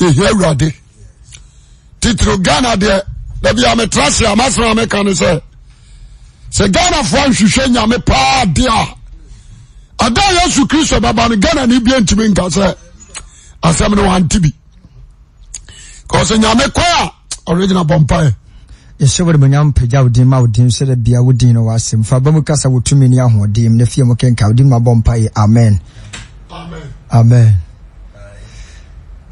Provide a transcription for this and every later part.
ɛhia awurade titiri ghana deɛ dabi a metra se a masena meka ne sɛ Ghana ghanafoɔ nhwehwɛ nyame paa deɛ a ada yesu kristo bɛba no ghana ne bia ntimi nka sɛ asɛm ne wante bi kɔsɛ nyame kɔ a ɔregyina bɔmpaeɛ yɛhyɛ wode manyam pagya wo din ma wo din sɛdɛ bia wo din no wɔasɛm fa ba mu kasa wotumi ne ahoɔden m na fie mu kenka wo din mabɔ mpayɛ amen amen, amen.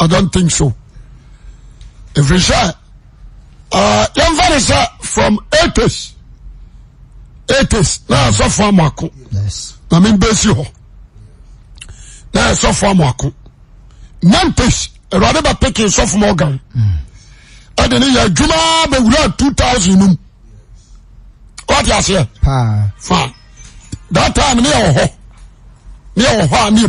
I don't think so. Ɛfiri sɛ yɛmfa ne sɛ from Now so na yes Yes. I mean hɔ na so far Marco. awurade bɛpeke sɔfo ma picking soft morgan. And hmm. adwuma bɛwura two thousand num wate je fine that time ne yɛwɔ Je a near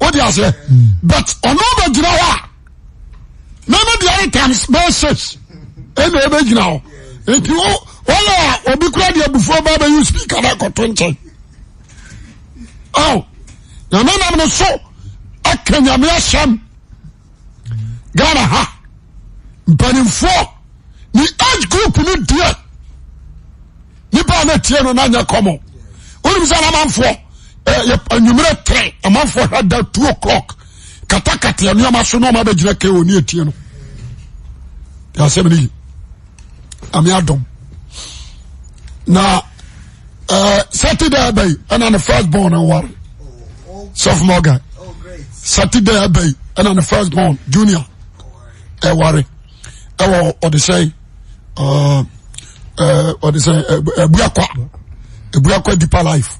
wodesɛ but ɔnobagyina hɔ a menadeane tm mɛsɛnginahɔɔorade befoebbseakn kyɛnae nam no so aka nyameɛ ɛmanaha paifoɔ ne eg group no dea nipɛnai nnɛoɛo Eh, anwummerɛ tre amanfoɔ hwɛ da two o'clock katakata nneɛma so na ɔma bɛgyina kɛ wɔ ne atie no asɛm no yi ame adom na eh, saturday abai ɛna ne first born aware sef morgan saturday abai ɛna ne first born junior ɛware ɛwɔ ɔde sɛ eh, ɔde sɛ ebuakwa ebuakwa deeper life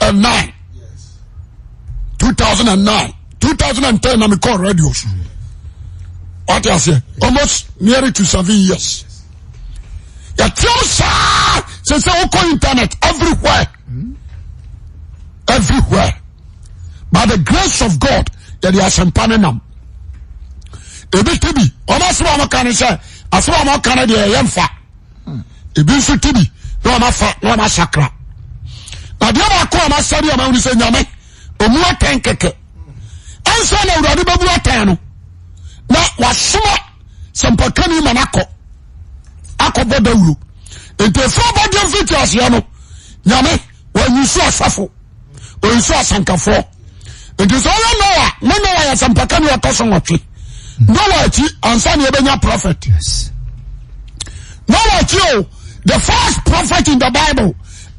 2009, Yes. Two thousand and nine. Two thousand and ten. I'm call radios. What I say? Almost nearly to seven years. yàtúwò since sẹsẹ call internet everywhere mm. everywhere by the grace of God that yẹdi asempa ne them. ebi tibi ọmọ asọmọ ọmọ kan sẹ asọmọ ọmọ kan deɛ ɛyɛ nfa ebi nso tibi na ɔmọ afa na ɔmọ asakra. adakoamaaanɛ nyame muaten kek sanaeutama sa asaiae the first prophet in the bible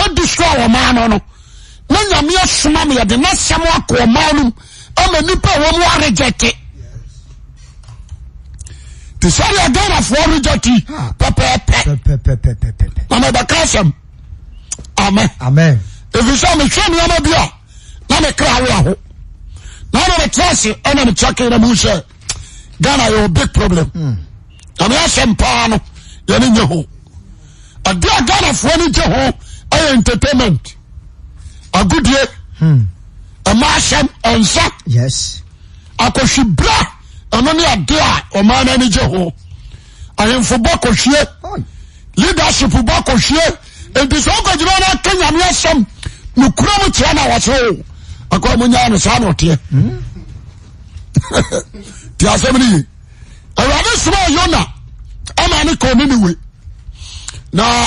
na destroy ɔman no no na nyame asoma me yɛde n'asɛm akɔ ɔman no mu ama nipa a wɔn aregɛte te sɛ deɛ ghanafoɔ regɛte pɛpɛɛpɛ na mɛbɛka asɛm amen ɛfisɛ mehwɛ nneɛma bi a na mekra wo aho na na mekyerɛ ase ɛna mekyɛke na mu sɛ ghana yɛwɔ big problem hmm. na measɛm paa no yɛne nyɛ ho ɛde a ghanafoɔ no gye ho y entertainment agodie hmm. ma sam nsa akohwe bra ano ne adea ɔma naneye ho amfobɔ kohwe leadership bɔ koe nti so kagyirn ke yameɛ sam nokramu tianawaseo yanɛ s wrade soma yona amane konenewe na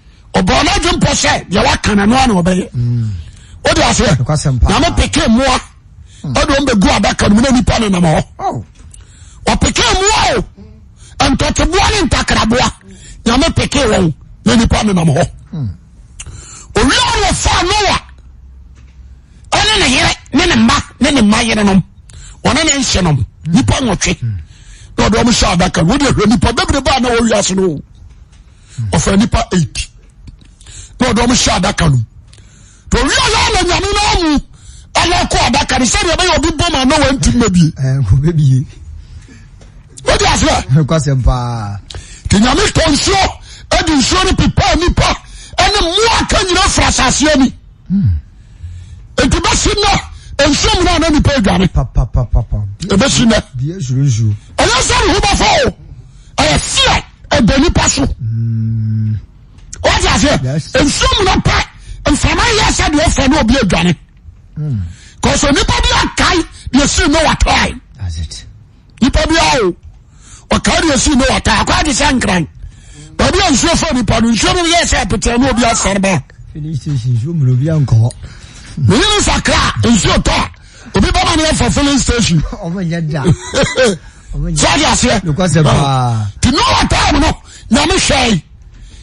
ɔbɔ no adwe mpɔ sɛ yɛwa kana no ana ɔbɛyɛ wode aseɛ na mepeke mmoa ɔde ɔm bɛgu adaka no mu na nnipa no nam hɔ ɔpeke mmoa o ntɔteboa ne ntakraboa nyame peke wɔn na nnipa no nam hmm. hɔ owia no ɔfaa noa ɔne ne yere ne ne mma ne ne mma yere nom ɔne ne nhyɛ nom nipa nwɔtwe na ɔde ɔm hyɛ adaka no wode ahwɛ nipa bɛbire baa na wɔwiase no ɔfa nipa 8 na ɔdɔm hyɛ adaka no to wi ɔyɛ ala nyame no amu ɛyɛ kɔ adaka no sɛdeɛ ɛbɛyɛ obi bɔ ma na wantim ma bie wode aseɛ nti nyame tɔ nsuo adi nsuo no pepaa nnipa ɛne mmoa ka nyina fra asaseɛ ni nti bɛsi nnɛ nsuo mu no ana nnipa adwane ɛbɛsi nnɛ ɛyɛ sɛ rehoba fa o ɛyɛ fia ɛbɛ nnipa so wọ́n ti àṣẹ nsuomu náà pẹ́ nfàmà yẹ ẹsẹ̀ deẹ fẹ́ ní obi adwane hmm. kòsò nípa bi àkàí deẹ sí ní wà tọ́ẹ̀ nípa bi àwò ọ̀kàí deẹ sí ní wà tọ́ẹ̀ àkọ́ àti sẹ́ nkran bàbí à nsuo fún nípa ní nsuomu yẹ ẹsẹ̀ pẹ̀tẹ̀ ní obi afẹ́ bẹ́ẹ̀. nìyí ni sakra nsuo tọ́ obi bá ma ní ẹ filling station. sọ́ọ́dì àṣẹ tì ní wà tọ́ẹ̀ mu náà nyàmú hwẹ́ẹ́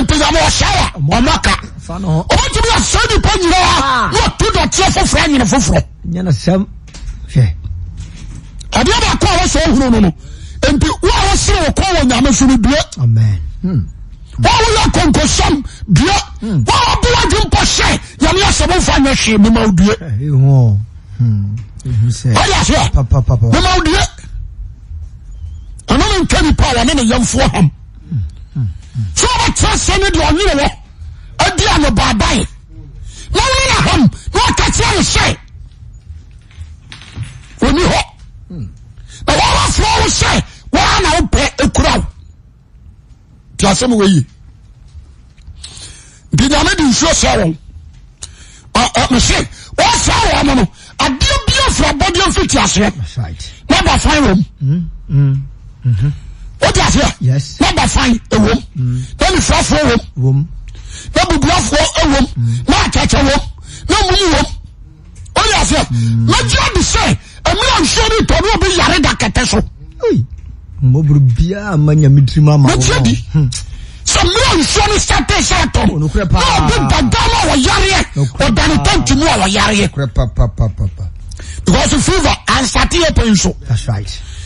n namɔhyɛwaɔmaka ɔbɛtimiyɛsa nipa nyinaa na atodɔtiɛ foforo anyina foforɔ adeɛ bɛkɔɔsɛ wohuru no no nti wawɔsere wokɔ wɔ nyame so no de wowoyɛ konkosam due wowɔbowagempɔ hyɛ nyamea sɛmo fo nyɛ hwee nemadeayasoɛnemaode ɛneno nka nipaa wane ne yamfoɔ ham so wobɛterɛ sɛ ne de ɔyere wɔ adiano baabae nomena ham ne akateano sɛi omi hɔ nwma fra wo sɛi woana wopɛ kura tiasɛm weyi npinam de nsuo sɛwo mese ɔsɛwomono adea bia frabɔde mfitiaserɛ mɛba faom dfmebefa w frff e w e mwo oi mejie dse mer sn tonobe yari dakete soeedi so mernsin sate seto aaw yaren tantimwyar because feve ansateyepeso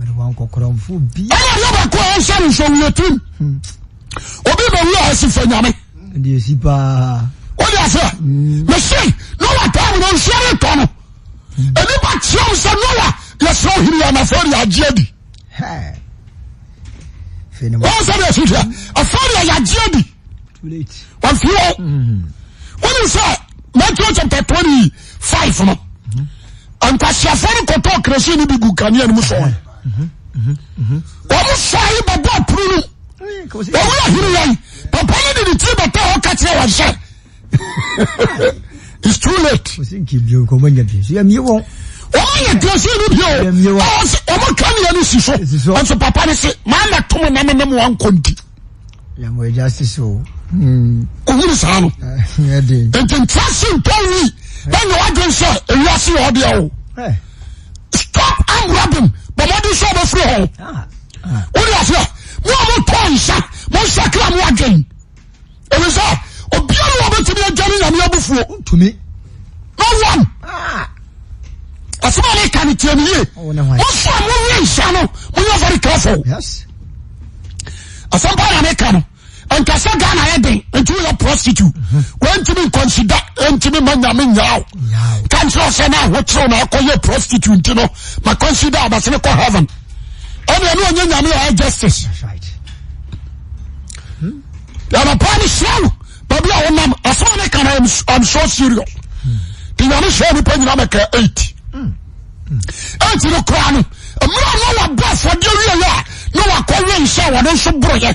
s stobesf yame d tweny fie nasresn gannm s ɔmo saae babɔapuru no ɔhora here ya papa ye ne dete bɛta hɔka keɛ whyɛisae ɔmaya eson boɔmakamiano si sonso papa nse mana tom nemenemwankɔn ohuro saa no nt nta sompoyi na yɛwdwosɛ ɛwaseyɛɔbio eh. stop amram bọmọdún sọ ọmọ fúri hàn wọn ni àfẹ wọn a mọ tọ nsa mọ nsa kí wọn adé yìí èmi sọ obi a wọn bẹ tẹbi ẹjẹ ní nyàmú ẹbùfọ. ntumi. no one. Ah. asọ́mọ́ ní kàní tiẹ̀ mi yé wọ́n sọ àwọn wíyẹn nsa no mo yẹ very careful. asọ́mọ́ báyìí àmì kàní. ne segana eden ne prostitute u s ori ea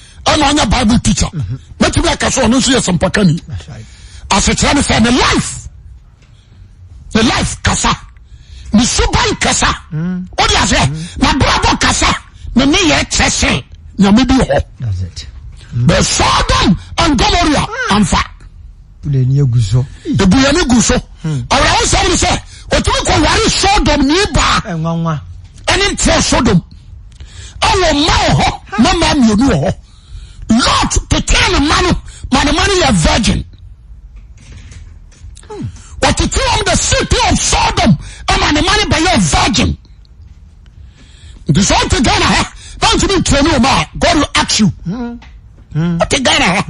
ɛna ɔnyɛ bible teacher mɛtumi aka sɛ ɔno nso yɛ sɛmpaka ni asekyerɛ ne sɛ ne life ne life kasa ne suban kasa wode mm. aseɛ nabrabɔ kasa ne ne yɛ kyɛ se nyame bi hɔ mm. but sodom and gomoria ah. amfa ebuyani gu so hmm. awurawo sɛm ne sɛ ɔtumi kɔware sodom ne baa eh, ɛne nteɛ sodom ɛwɔ ma wɔ hɔ na ma mmienu wɔ hɔ Lot to ne ma no ma ne a virgin. But to wɔtete the city of Sodom ɛma ne ma no bɛyɛ virgin nti sɛ ɔte don't you ntura ni o my God will ask you ɔte Ghana ha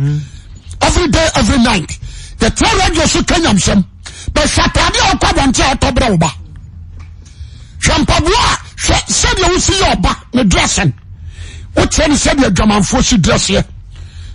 every day every night yɛtena radio so ka nyamsɛm bɛhwɛ atade a ɔkɔ abɔnten to ɔtɔ berɛ wo ba you mpaboa a hwɛ sɛdeɛ wosi yɛ ɔba ne dressing wotiɛ ne sɛdeɛ adwamanfoɔ dress drɛseɛ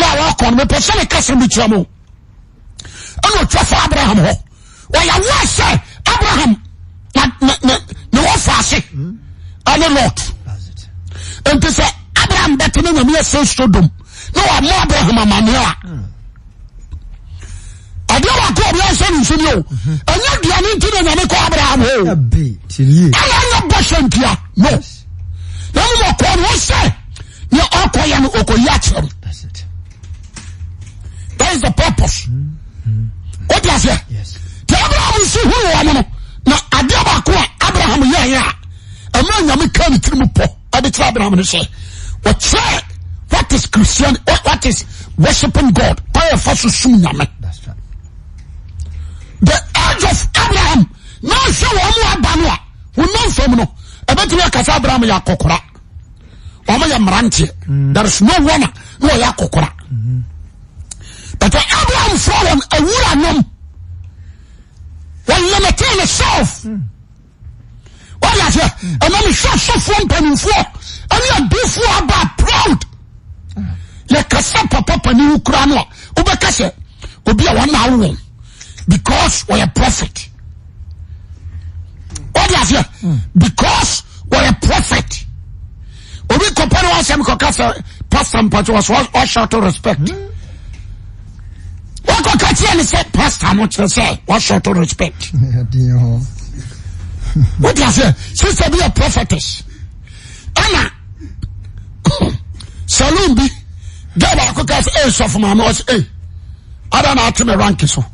wsnekase oam n tafa abraam h yoɛ braham nawɔfase ane lot nti sɛ abraham eteme nyameyɛsesodo na ma braam mana yya bɔsania nɛne ɔkɔ yano kyi kerɛ deas abraham nso ho m no na adebaako a abraham yɛɛa ma nyame kane tirimpɔdekyerɛ abraham nosɛ kyrɛais worshiping god yɛfa so sm nyame the adge of abraham nahwɛ wɔma aba no a honamfam no ɛtumikasa abraham yɛkɔkoramayɛ mmarantɛ mm. trs non a na yɛ kɔkra mm-hmm. but abraham fura wɔn awura nom wɔn limited ne self wɔn yà sɛ from mi sɛ and mpanimfoɔ ɛni before about proud The kasa papa panin kura no a wobɛka sɛ obi a one hour wɔn because wɔyɛ prophet wɔn yà sɛ because wɔyɛ prophet obi kɔpɛ ne wɔn asɛm kɔka sɛ pastor mpatsi a so wɔn hyɛ respect. Mm. wokɔka kyeɛ ne sɛ pasta mokyerɛ sɛ wost respect oasɛ syste biyɔ profetes ana salom bi gabak ka sɛ ɛ sfo maameɔs adanatmɛrank so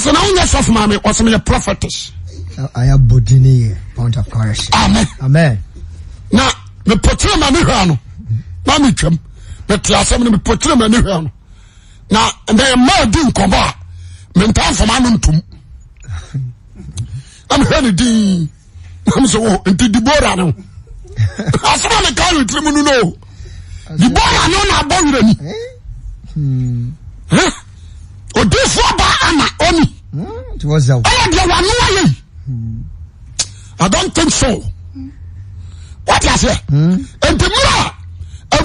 sna wonyɛ sfo maame ɔsmyɛ prohetesnɛfnmereman But asɛm no mepokyere m'ani hwɛ no na na mmaa di nkɔmɔ a mentaa mfama no ntom na mehwɛ no din na mesɛ wo oh, nti dibora no asɛm a meka no tirim no no dibora no na abɔ werɛ ni odifoɔ ba ama ɔni ɛyɛ deɛ wano ayɛ I don't think so. What you say? And the more,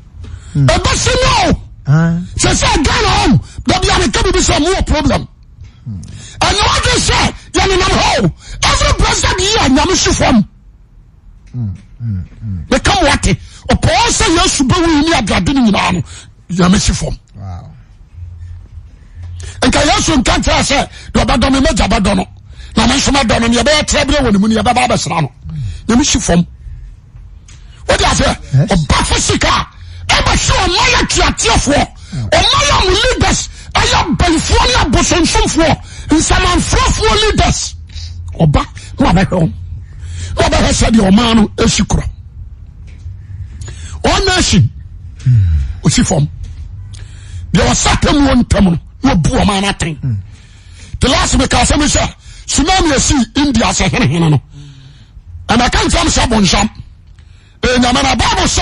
abɛsemo sɛsɛ gan dabiane ka bibisɛ moa problem nɛode sɛ yɛnenam ha sre bresedyea yame si foma faka se oma ya tuatif ma ya mu leaders ya bafuo no abosasof nsamaferaf leadersas si ndee katm sɛ bosa yamna bible se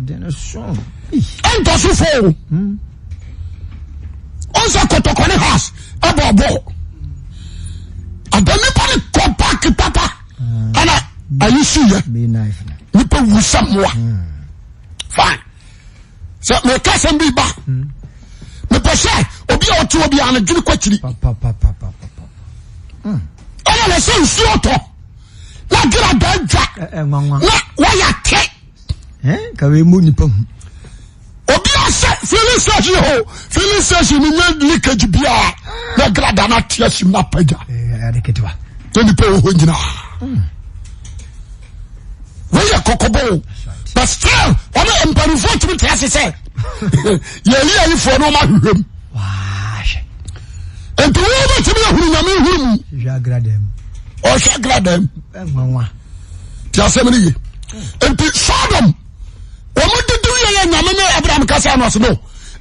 ɛntɔ so On ɔnsɛ kɔtɔkɔne house ada nipa ne kɔ papa ana ayi si nipa wu sɛ mmoa fine sɛ mɛka sɛm bi ba mepɛ sɛ obi a ɔte obi dwene kwakyiri ɛna ne sɛ nsuo tɔ na te m nipo obi se felisasen hmm. o felisesen nme likage b gradantas n paa niphoyina weye kokobo b stil n mparufo timi tase se yeyyi foneoma he nti wobetimiahuru yame hurum hwe gradm asemeyet sodo omoduduwuyeye nyamene abraam kasans no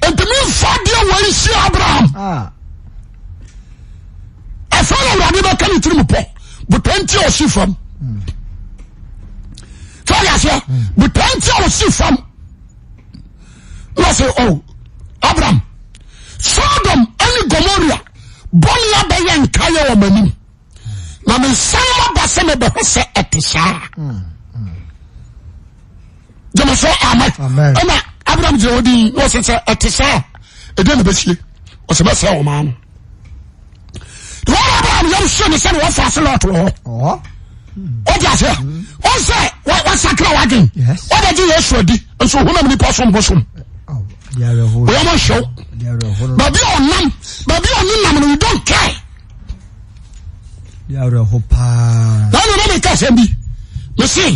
ntimimfadeɛwa nsi abraham efa ah. yo wurade mkane tiri mo po bopantiosi fam syɛ otanti osi fam mwse oh, abraam sodom ane gomoria bonla beyɛ nkayɛwomanim na mensam mabaseme behesɛ etesaa jẹmọ sọ amen ẹna abraham jẹ odi ní ọsẹ sẹ ẹtì sá ẹdẹ ní bẹ sie ọsẹ bẹ sẹ ọmọ ano wọn abraham yẹn sọ ní sẹni wọn fà sí lọtọ wọ ọ di ase ọ sẹ wọn sakira wọn adi wọn bẹ di yẹsu ẹdi nso ohun náà nípa sọm bọ sọm wọn bọ sọ bàbí ọ̀nàm bàbí ọ̀nínàm ni we don't care. lẹ́nu ní mi ká sẹ́mi mi sìn.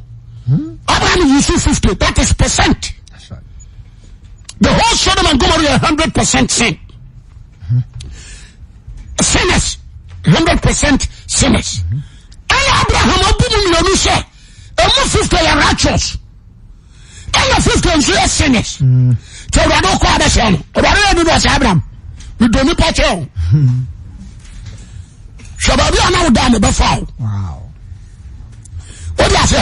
Abraham used 50, that is percent. That's right. The whole Sodom and Gomorrah 100% sin. Sinners, 100% sinners. Mm-hmm. And Abraham, Abraham, Abraham, Abraham, fifty yɛ righteous ɛna fifty nso yɛ sinners tí ɔwurade kɔ abɛsɛ no ɔwurade yɛ nínú ɔsɛ abraham ìdò nípa kyɛ o sɛ baabi a náà wò dá mi bɛ fa o o di ase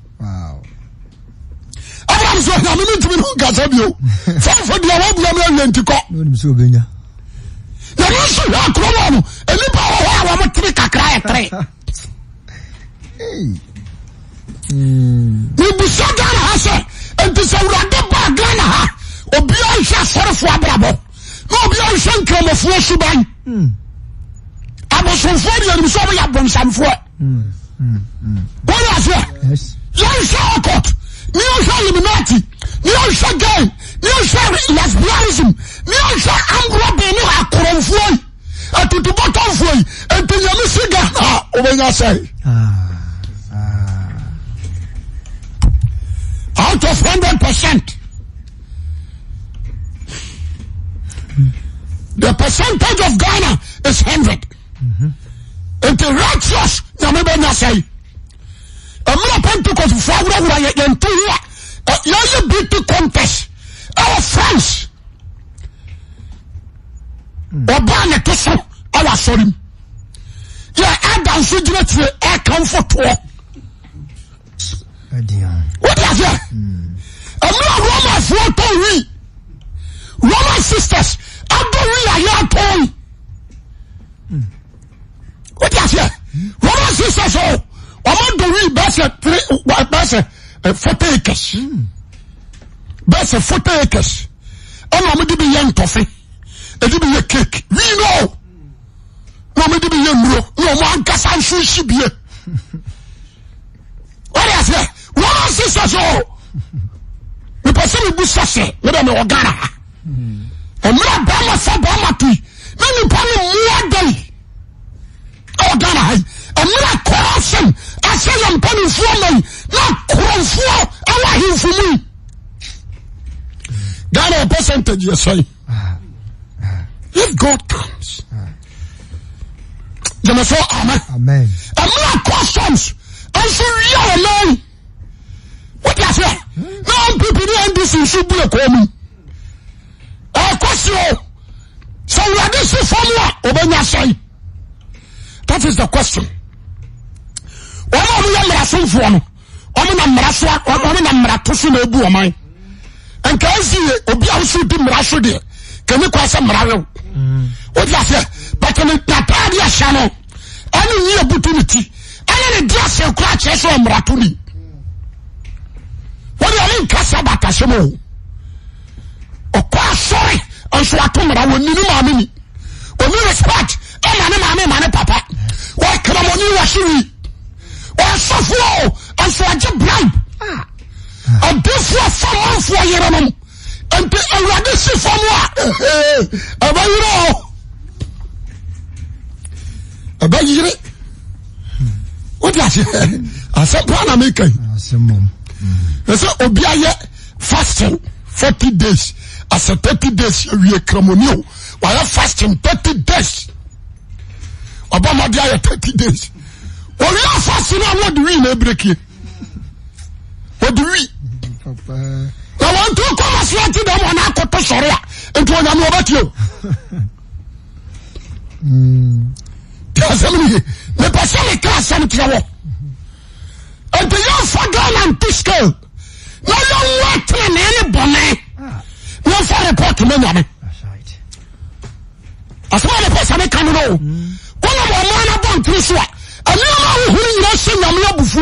abraham sọ yàrá mi ntumi ní nkasa bi o fọwọfọ di àwọn abúlé mi ẹwìẹ nti kọ. yàrá sọ yàrá kúrò wọn no enipa wọ hɔ a wɔn tiri kakra yɛ tiri. ibusa ghana ha sɛ ntisɛ wurade baa ghana ha obi a nhwɛ asɔrefo abrabɔ na obi a nhwɛ nkramofoɔ suban hmm. abosomfoɔ de yɛnim sɛ ɔmo yɛ abonsamfoɔ. Hmm. Hmm. wɔn yɛ aseɛ. sa oot nsa liminati nsa gal nsalasbaism nsa ambro beniakronfui atutubot nfu ntnyamisi gana bns ut of hundred percent the percentage of ghana is hundred nrtus mbns amire pantkfa erwrynt yeye bety contest frans obane tuso awa sorim ye adamso jine te akam fo tuo ediaf amir ruma fu to wi wama sisters ado ayeato edf wama sisters oma do eh, we bse bse fota akers bese fo te akes anumi dibi ye nto fi edibi ye kak win momi dibi ye muro woma angasan nsu si biye area se war si so soo miposemi bu sose medemi wogaraa emira bamo fo bama ti m jemeso ame emia customs inso ria omei weta su nenpipiniendi sinsu bue kemu ekesio so wagi su fomuwa obo ya soi that is the question wome muye mara sun fuon omine mra suwa omine mira tuso ne obuomai nkezie obiosoe mras ems rauaasa ne ybn ds kraesat easaas ksor nsuato manmm nepa man apa kra waser oso fuo nsuwaje bribe ah. adefuɔ samanfoɔ yerenom nti awuade sefamu a ɛbayerɛ ɛbayere woas pan ɛ mm. sɛ obiayɛ fastin forty days asɛ tirty dayseyɛfastin tirty days ɛ 3irty days rɛfasto amd nawantoo koma sua te demne koto soriya intyambat es e krasn krao nt yefa gonaniske y u ateme nene bone mifo report me yame asmeseme ke nbomnniri sa n yese yambufo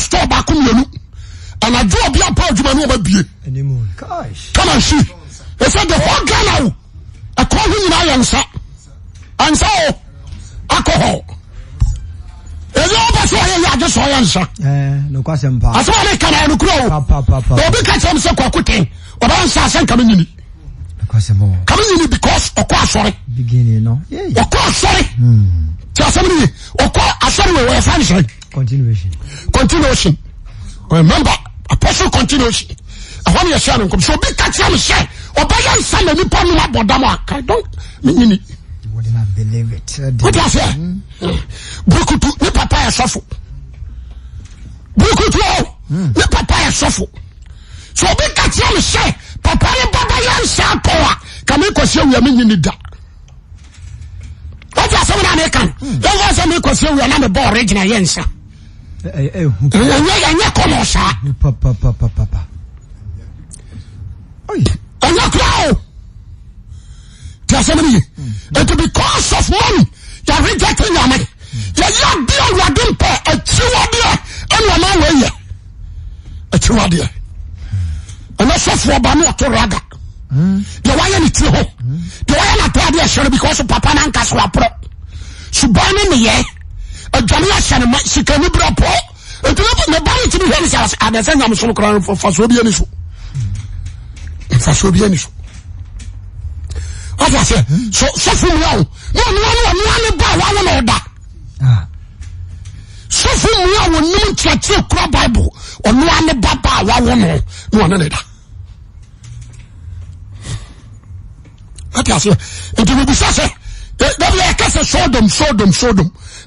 bpa yi niat apostle continuation ɛhɔ ne yɛhyɛ no nkɔm sɛ obi ka kyerɛ me sɛ ɔbɛyɛ nsa na nipa nom abɔ dam aka don menyini wotia sɛ burukutu ne papa yɛ sɔfo burukutu o hmm. ne papa yɛ sɔfo sɛ obi ka kyerɛ me sɛ papa ne ba bɛyɛ nsa atɔ a ka mekɔsi awia menyini da wotia sɛ mena meka no yɛmfa sɛ mekɔsi awia na mebɔ ɔregyina yɛ nsa ye seya mm. net beause of mon yareetya yya wadp atiwa naeyetsfoatyen tree damasenema sikane bra po nteba temihensr aekese sodom sodom sodom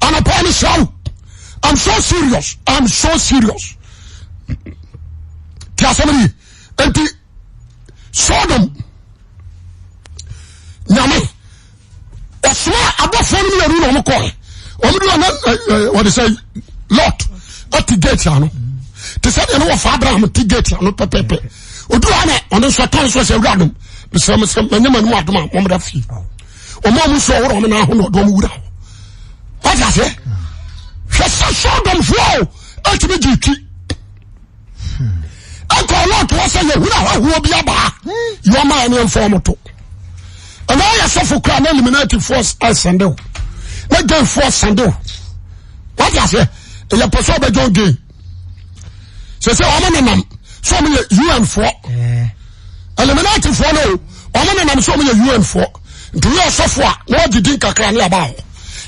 an pone sa amso serios amso serios ason nt sodo yame osma doonrde lo tigei tsedfa wati aseɛ hwɛ sɛ sɔdɔmfoɔ o etumi gye ti ɛkɔ lɔɔto hɔ sɛ yɛhura ahohoɔ bi abaa yɔma ɛne mfɔ mo to ɛna ɔyɛ sɔfo eliminate force eliminatifoɔ asɛnde o gain force sɛnde o wati aseɛ ɛyɛ pɛ sɛ ɔbɛgyɔn game sɛ sɛ ɔmo nenam sɛ ɔmo yɛ un foɔ eliminatifoɔ no o ɔmo nenam sɛ ɔmo yɛ un foɔ nti yɛ ɔsɔfo a na ɔgye din kakra ne abaa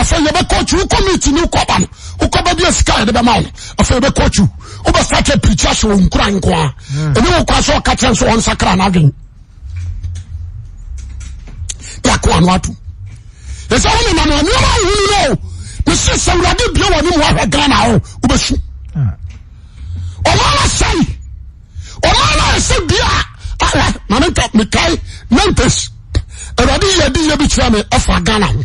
feyebekuthi ocomiti no koban okoba dsikade em ease eka m ad ed fu ganho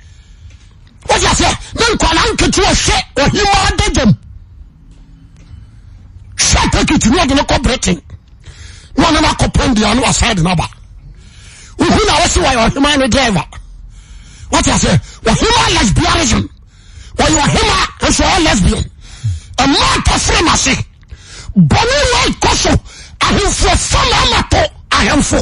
wọ́n yà sẹ́ ní nkwalá nketewa hwẹ́ ọ̀hìnmá adájọ́m hwẹ́ tẹ́kìtì ní ọ̀dùnú kọ́ britain ní ọ̀nà náà kọ́ pọ́ndì àná wà sáyẹ̀dì náà bá òhun náà wọ́n sì wọ́n yẹ ọ̀hìnmá ní dẹ́ẹ̀và wọ́n yà sẹ́ ọ̀hìnmá lesbianism wọ́n yẹ ọ̀hìnmá ẹ̀sọ́ ọ̀ lesbian àtọ́ fún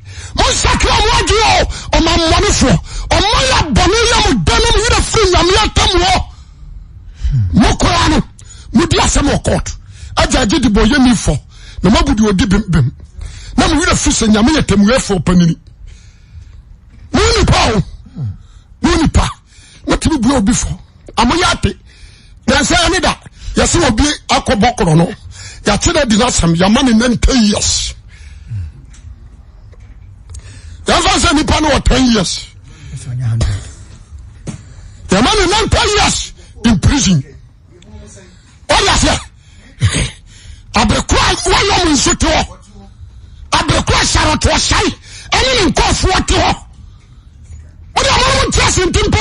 monsakra mo agye o ɔma mmɔnefoɔ ɔma yɛ bɔne yɛ mo da no mo werɛ firi nyame atam hɔ mokoraa no modi asɛm wɔ court agyagye de bɔ yɛmi fɔ na moabude ɔdi bembem na mo werɛ firi sɛ nyame yɛ tamuafoɔ panini mo nipa o mo nipa motumi bua obi fɔ amoyɛ ate nansɛ ɛne da yɛsɛ obi akɔ bɔkorɔ no yɛakye da di no asɛm yɛma ne 90 years yamfa se nipa ne wo ten years yemane nanpo years in prison odease abrekr waym nso t arkuro sarto sa nen kuo to demnmt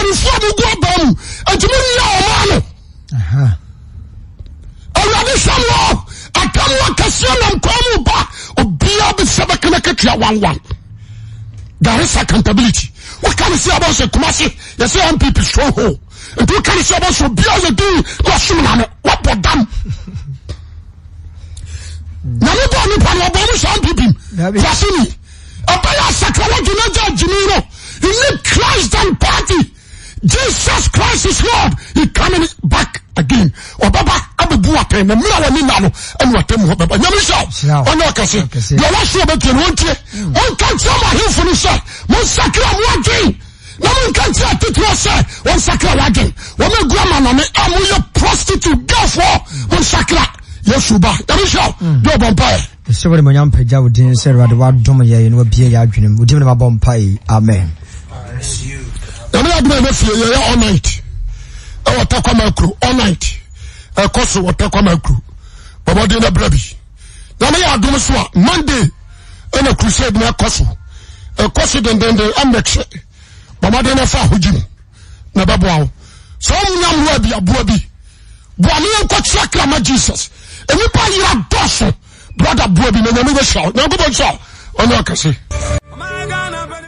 a sam aam kasi nakomuba obia bese bekena ketua wanwan there is accountability What can wọ́n say about ọ̀sẹ̀ Kumasi yẹ sẹ́ MPP stronghold nti wọ́n kàn you? ọba ọ̀sẹ̀ the ọ̀sẹ̀ What yọ them? nànú wọ́n bọ̀ dam nàní bọ̀ nípa ni ọba ọ̀sẹ̀ MPP fàṣẹ ni ọba yà sàkàwọ́jù náà jẹ́ you know? he need Christ and party Jesus Christ is Lord he coming back. again ɔbɛba abɛbu atɛn na mmira wɔn nina no ɛna atɛn mu ɔbɛba nyamisa ɔne ɔkɛse deɛ wɔaso ɔbɛtie no wɔntie wɔnka nkyerɛ mo ahemfo no sɛ monsakra mo adwen na monka nkyerɛ atitire sɛ wɔnsakra wɔadwen wɔn agu ama nane a moyɛ prostitute girlfoɔ monsakra yesu ba nyamisa deɛ ɔbɔ mpaeɛ ɛsɛ wode manyam pagya wo din sɛ awurade woadom yɛ na wabie yɛ adwene mu wodim ne mabɔ mpae amen nyame adom a ɛbɛfie yɛyɛ all night wotekam kro lnt kos tako dbr d s monday n rusad kos koso deede mese bmdn fa hoi b sbbab bakoba krama jesus mi ba yera doso brode babs os nekese